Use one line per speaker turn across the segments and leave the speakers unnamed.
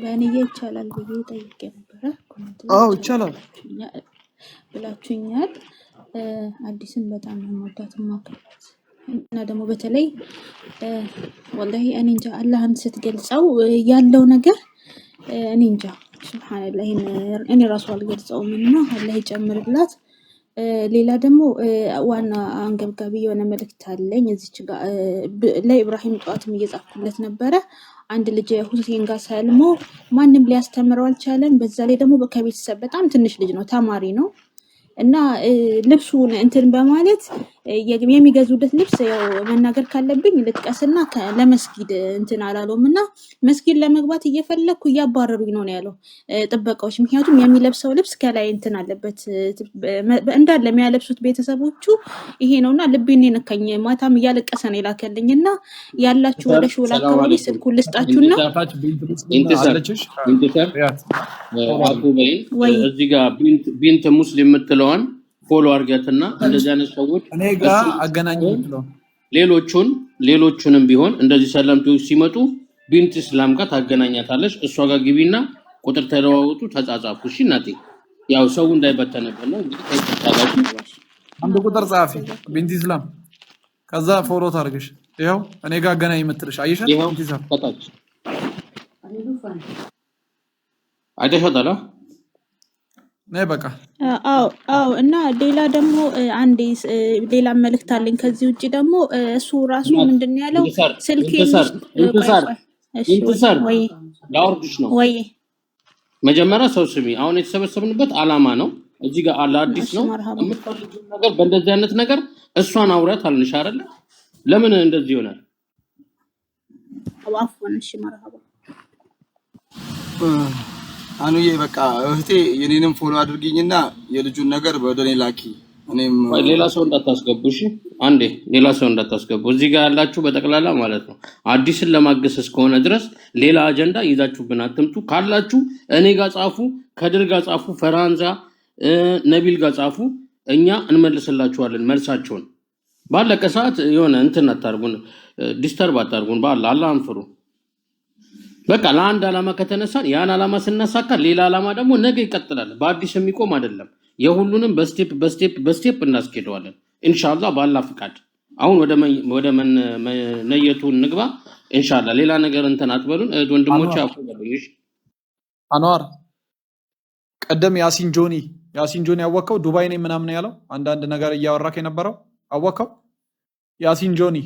በእኔዬ ይቻላል ብዬ ጠይቄ ነበረ። አዎ ይቻላል። ብላችሁኛል። አዲስን በጣም ነው የምወዳት የማከብራት እና ደግሞ በተለይ ወላሂ እኔ እንጃ አላህን ስትገልጸው ያለው ነገር እኔ እንጃ ሱብሃንአላህ እኔ ራሱ አልገልጸውም እና አላህ ይጨምርላት። ሌላ ደግሞ ዋና አንገብጋቢ የሆነ መልእክት አለኝ እዚች ለኢብራሂም ጠዋትም እየጻፍኩለት ነበረ። አንድ ልጅ ሁሴን ጋር ሰልሞ ማንም ሊያስተምረው አልቻለም። በዛ ላይ ደግሞ ከቤተሰብ በጣም ትንሽ ልጅ ነው፣ ተማሪ ነው እና ልብሱን እንትን በማለት የሚገዙለት ልብስ ያው መናገር ካለብኝ ልጥቀስና ለመስጊድ እንትን አላለውም እና መስጊድ ለመግባት እየፈለግኩ እያባረሩኝ ነው ያለው ጥበቃዎች። ምክንያቱም የሚለብሰው ልብስ ከላይ እንትን አለበት እንዳለ የሚያለብሱት ቤተሰቦቹ ይሄ ነው እና ልቤን ነካኝ። ማታም እያለቀሰ ነው የላከልኝ እና ያላችሁ ወደ ሾላ አካባቢ ስልኩን ልስጣችሁና
ወይ እዚህ ጋር ቢንት ሙስሊም የምትለዋን ፎሎ እና እንደዚህ አይነት ሰዎች
እኔ ጋር አገናኝ
ሌሎቹን ሌሎቹንም ቢሆን እንደዚህ ሰለምቴዎች ሲመጡ ቢንት እስላም ጋር ታገናኛታለች። እሷ ጋር ግቢና ቁጥር ተለዋወጡ፣ ተጻጻፉ። እሺ እናቴ፣ ያው ሰው እንዳይበተንብን ነው እንግዲህ።
አንድ ቁጥር ጻፊ ቢንት እስላም፣ ከዛ ፎሎ ታርገሽ። ይኸው እኔ ጋር አገናኝ ይመትልሽ አይሻ ይኸው ተጣጭ አይደሻ ነይ በቃ
አዎ አዎ። እና ሌላ ደግሞ አንዴ ሌላ መልእክት አለኝ። ከዚህ ውጭ ደግሞ እሱ ራሱ ምንድን ያለው? ስልክ
ነው ወይ? መጀመሪያ ሰው ስሚ። አሁን የተሰበሰብንበት አላማ ነው። እዚህ ጋር ለአዲስ ነው የምትፈልጊው ነገር በእንደዚህ አይነት ነገር እሷን አውሪያት አልንሽ አይደለ? ለምን እንደዚህ ይሆናል?
አዋፍ ሆነሽ መርሃባ
አኑዬ በቃ እህቴ የኔንም ፎሎ አድርጊኝና የልጁን ነገር በደኔ ላኪ። እኔም
ሌላ ሰው እንዳታስገቡ እሺ። አንዴ ሌላ ሰው እንዳታስገቡ። እዚህ ጋር ያላችሁ በጠቅላላ ማለት ነው። አዲስን ለማገስ እስከሆነ ድረስ ሌላ አጀንዳ ይዛችሁብን አትምጡ። ካላችሁ እኔ ጋር ጻፉ፣ ከድር ጋር ጻፉ፣ ፈራንዛ ነቢል ጋር ጻፉ። እኛ እንመልስላችኋለን መልሳቸውን። ባለቀ ሰዓት የሆነ እንትን አታርጉን፣ ዲስተርብ አታርጉን። በአላ አላ አንፍሩ። በቃ ለአንድ ዓላማ ከተነሳን ያን ዓላማ ስናሳካ ሌላ ዓላማ ደግሞ ነገ ይቀጥላል። በአዲስ የሚቆም አይደለም። የሁሉንም በስቴፕ በስቴፕ በስቴፕ እናስኬደዋለን ኢንሻላ ባላ ፍቃድ። አሁን ወደ መነየቱ እንግባ ኢንሻላ። ሌላ ነገር እንትን አትበሉን ወንድሞች።
አኗር ቀደም ያሲን ጆኒ ያሲን ጆኒ አወቀው ዱባይ ነኝ ምናምን ያለው አንዳንድ ነገር እያወራክ የነበረው አወቀው ያሲን ጆኒ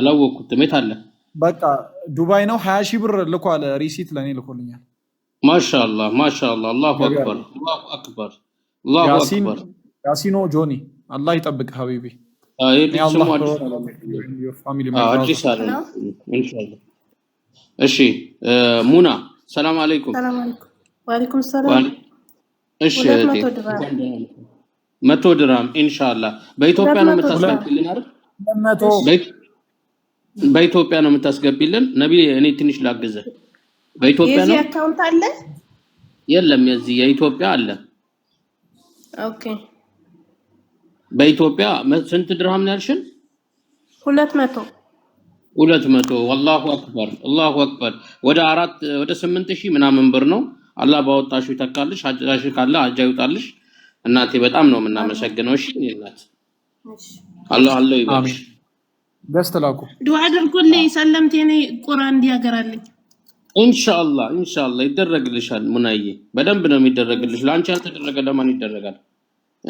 አላወቅኩትም። የት አለ
በቃ ዱባይ ነው። ሀያ ሺህ ብር ልኳል። ሪሲት ለእኔ ልኮልኛል።
ማሻላ ማሻላ። አላሁ አክበር አላሁ አክበር አላሁ አክበር።
ያሲኖ ጆኒ አላህ ይጠብቅ ሀቢቢ።
አዲስ እሺ ሙና ሰላም አለይኩም። መቶ ድራም ኢንሻላ በኢትዮጵያ ነው የምታስቀምጥልን አይደል? በኢትዮጵያ ነው የምታስገቢልን? ነቢ እኔ ትንሽ ላግዘ። በኢትዮጵያ ነው አካውንት አለ? የለም የዚህ የኢትዮጵያ አለ። ኦኬ በኢትዮጵያ ስንት ድርሃም ያልሽን? ሁለት መቶ ሁለት መቶ አላሁ አክበር አላሁ አክበር። ወደ አራት ወደ ስምንት ሺህ ምናምን ብር ነው። አላህ ባወጣሽ ይተካልሽ። አጃሽ ካለ አጃ ይውጣልሽ። እናቴ በጣም ነው የምናመሰግነው። እሺ እናት አላህ አለው ይባልሽ።
ላኩ
ዱዓ አድርጉልኝ። ሰለምቴ ነኝ። ቁራ እንዲያገራልኝ
ኢንሻአላ ኢንሻአላ ይደረግልሻል። ሙናዬ በደንብ ነው የሚደረግልሽ። ለአንቺ ያልተደረገ ለማን ይደረጋል?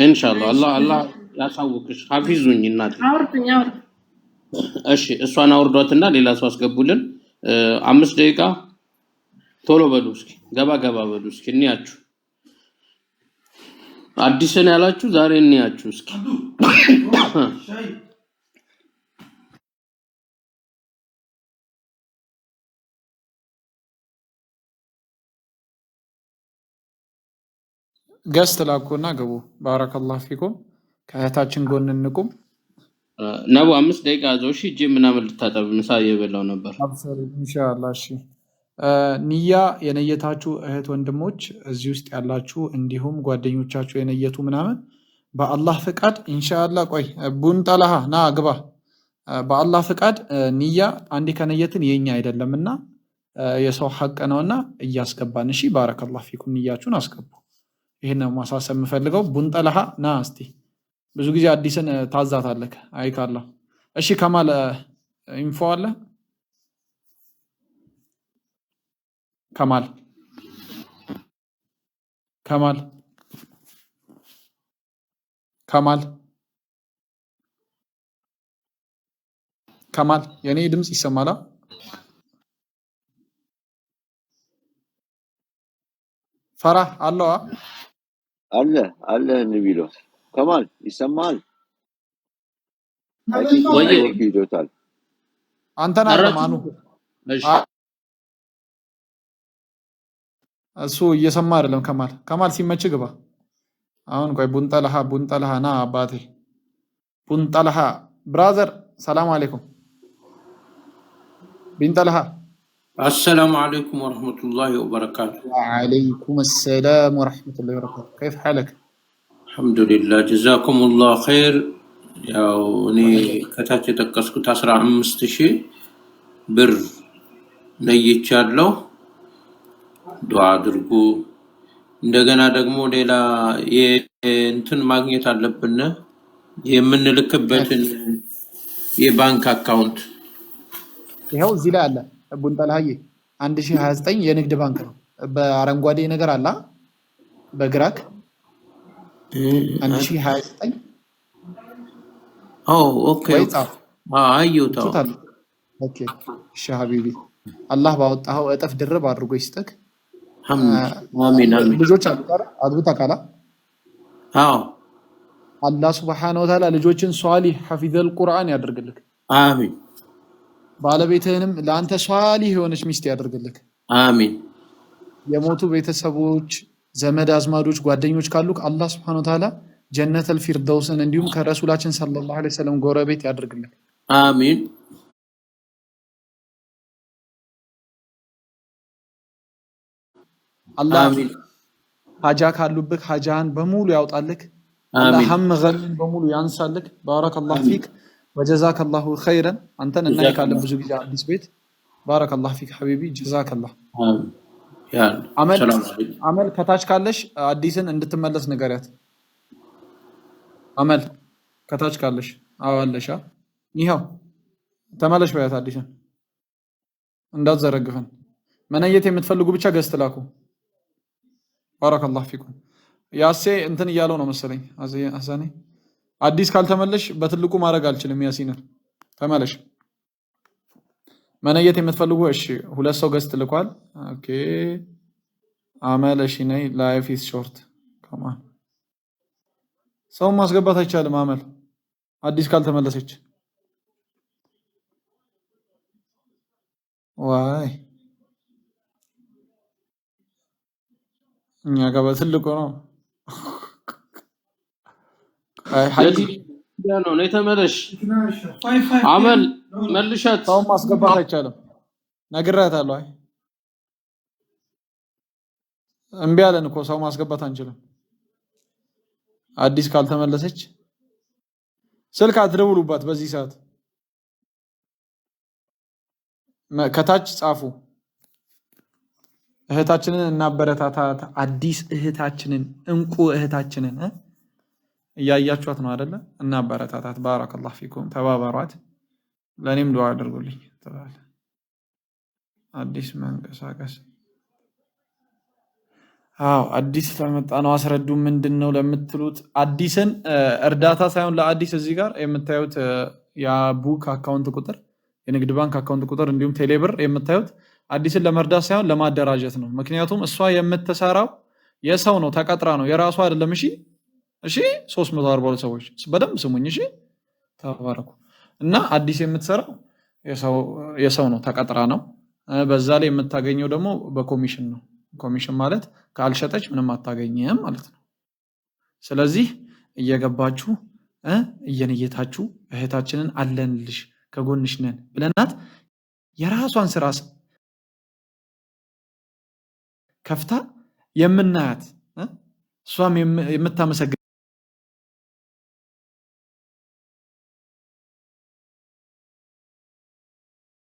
ኢንሻአላ አላህ አላህ ያሳውቅሽ። ሀፊዙኝ እናት እሺ እሷን አውርዷትና ሌላ ሰው አስገቡልን። አምስት ደቂቃ ቶሎ በሉ እስኪ፣ ገባ ገባ በሉ እስኪ። እንያችሁ አዲስን ያላችሁ ዛሬ እንያችሁ እስኪ
ገስት ላኩና ግቡ። ባረከላሁ ፊኩም። ከእህታችን ጎን እንቁም።
ነቡ አምስት ደቂቃ ዘው እሺ። እጄ ምናምን ልታጠብ ምሳ እየበላው ነበር።
እሺ ንያ የነየታችሁ እህት ወንድሞች፣ እዚህ ውስጥ ያላችሁ እንዲሁም ጓደኞቻችሁ የነየቱ ምናምን በአላህ ፍቃድ ኢንሻአላህ። ቆይ ቡንጠላሃ ና ግባ። በአላህ ፍቃድ ንያ አንድ ከነየትን የኛ አይደለምና የሰው ሀቅ ነውና እያስገባን እሺ። ባረከላ ፊኩም። ንያችሁን አስገቡ። ይህን ነው ማሳሰብ የምፈልገው። ቡንጠልሃ ና እስቲ ብዙ ጊዜ አዲስን ታዛታለክ አይካላ። እሺ ከማል ኢንፎ አለ ከማል ከማል ከማል ከማል የእኔ ድምፅ ይሰማላ? ፈራህ አለዋ
አለ አለ እንቢሎት ከማል ይሰማል
ይዞታል አንተን አለማኑ እሱ እየሰማ አይደለም። ከማል ከማል ሲመች ግባ። አሁን ቆይ ቡንጠልሃ ቡንጠልሃ ና አባቴ ቡንጠልሃ ብራዘር፣ ሰላም አሌይኩም ቢንጠልሃ
አሰላሙ አለይኩም ወረሕመቱላሂ ወበረካቱ።
ወአለይኩም አሰላም ወረሕመቱላሂ ወበረካቱ። ከይፍ ሓለክ?
አልሐምዱሊላህ ጀዛኩሙላሁ ኸይር። ያው እኔ ከታች የጠቀስኩት አስራ አምስት ሺህ ብር ለይቻለሁ። ዱዓ አድርጉ። እንደገና ደግሞ ሌላ እንትን ማግኘት አለብን የምንልክበትን የባንክ አካውንት
ይኸው እዚህ ላይ አለ። ቡንጠልሀዬ አንድ ሺህ የንግድ ባንክ ነው። በአረንጓዴ ነገር አለ በግራክ አንድ ሺህ ሀቢቢ አላህ ባወጣኸው እጥፍ ድርብ አድርጎ ይስጠክ። ልጆች አግብት አቃላ አላህ ስብሐነ ወተዓላ ልጆችን ሷሊህ ሐፊዘል ቁርአን ያደርግልክ። አሚን ባለቤትህንም ለአንተ ሷሊህ የሆነች ሚስት ያደርግልህ። አሚን። የሞቱ ቤተሰቦች፣ ዘመድ አዝማዶች፣ ጓደኞች ካሉክ አላህ ስብሐነ ወተዓላ ጀነት ፊርደውስን እንዲሁም ከረሱላችን ሰለላሁ ዐለይሂ ወሰለም ጎረቤት ያደርግልህ። አሚን። አላህ ሀጃ ካሉብህ ሀጃን በሙሉ ያውጣልህ። አላህ ሀም ገምን በሙሉ ያንሳልህ። ባረከላሁ ፊክ ወጀዛከ ላሁ ኸይረን አንተን እና ካለን ብዙ ጊዜ አዲስ ቤት ባረከላሁ ፊክ ሐቢቢ ጀዛከ ላ አመል ከታች ካለሽ አዲስን እንድትመለስ ንገሪያት። አመል ከታች ካለሽ አዋለሻ ይኸው ተመለሽ በያት አዲስን እንዳትዘረግፈን። መነየት የምትፈልጉ ብቻ ገዝት ላኩ። ባረከ ላ ፊኩም ያሴ እንትን እያለው ነው መሰለኝ አዛኔ አዲስ ካልተመለሽ በትልቁ ማድረግ አልችልም። ያሲንን ተመለሽ። መነየት የምትፈልጉ እሺ፣ ሁለት ሰው ገዝት ልኳል። ኦኬ አመለሽ ነይ። ላይፍ ኢዝ ሾርት ከማን ሰውን ማስገባት አይቻልም። አመል አዲስ ካልተመለሰች ዋይ እኛ ጋር በትልቁ ነው።
ነው የተመለሽ። አመል መልሻት።
ሰውን ማስገባት አይቻልም። ነግሬያታለሁ። አይ እምቢ አለን እኮ ሰው ማስገባት አንችልም። አዲስ ካልተመለሰች ስልክ አትደውሉባት። በዚህ ሰዓት ከታች ጻፉ። እህታችንን እናበረታታት። አዲስ እህታችንን እንቁ እህታችንን እያያችኋት ነው አደለ? እና አበረታታት። ባረከላሁ ፊኩም ተባበሯት። ለእኔም ዱዓ አድርጉልኝ ትላለህ። አዲስ መንቀሳቀስ አዎ አዲስ ለመጣ ነው አስረዱ ምንድን ነው ለምትሉት አዲስን እርዳታ ሳይሆን ለአዲስ እዚህ ጋር የምታዩት የቡክ አካውንት ቁጥር የንግድ ባንክ አካውንት ቁጥር እንዲሁም ቴሌብር የምታዩት አዲስን ለመርዳት ሳይሆን ለማደራጀት ነው ምክንያቱም እሷ የምትሰራው የሰው ነው ተቀጥራ ነው የራሷ አይደለም እሺ እሺ 342 ሰዎች በደንብ ስሙኝ። እሺ ተባረኩ። እና አዲስ የምትሰራው የሰው ነው፣ ተቀጥራ ነው። በዛ ላይ የምታገኘው ደግሞ በኮሚሽን ነው። ኮሚሽን ማለት ካልሸጠች ምንም አታገኝም ማለት ነው። ስለዚህ እየገባችሁ እየንየታችሁ እህታችንን አለንልሽ ከጎንሽ ነን ብለናት የራሷን ስራ ከፍታ የምናያት እሷም የምታመሰግን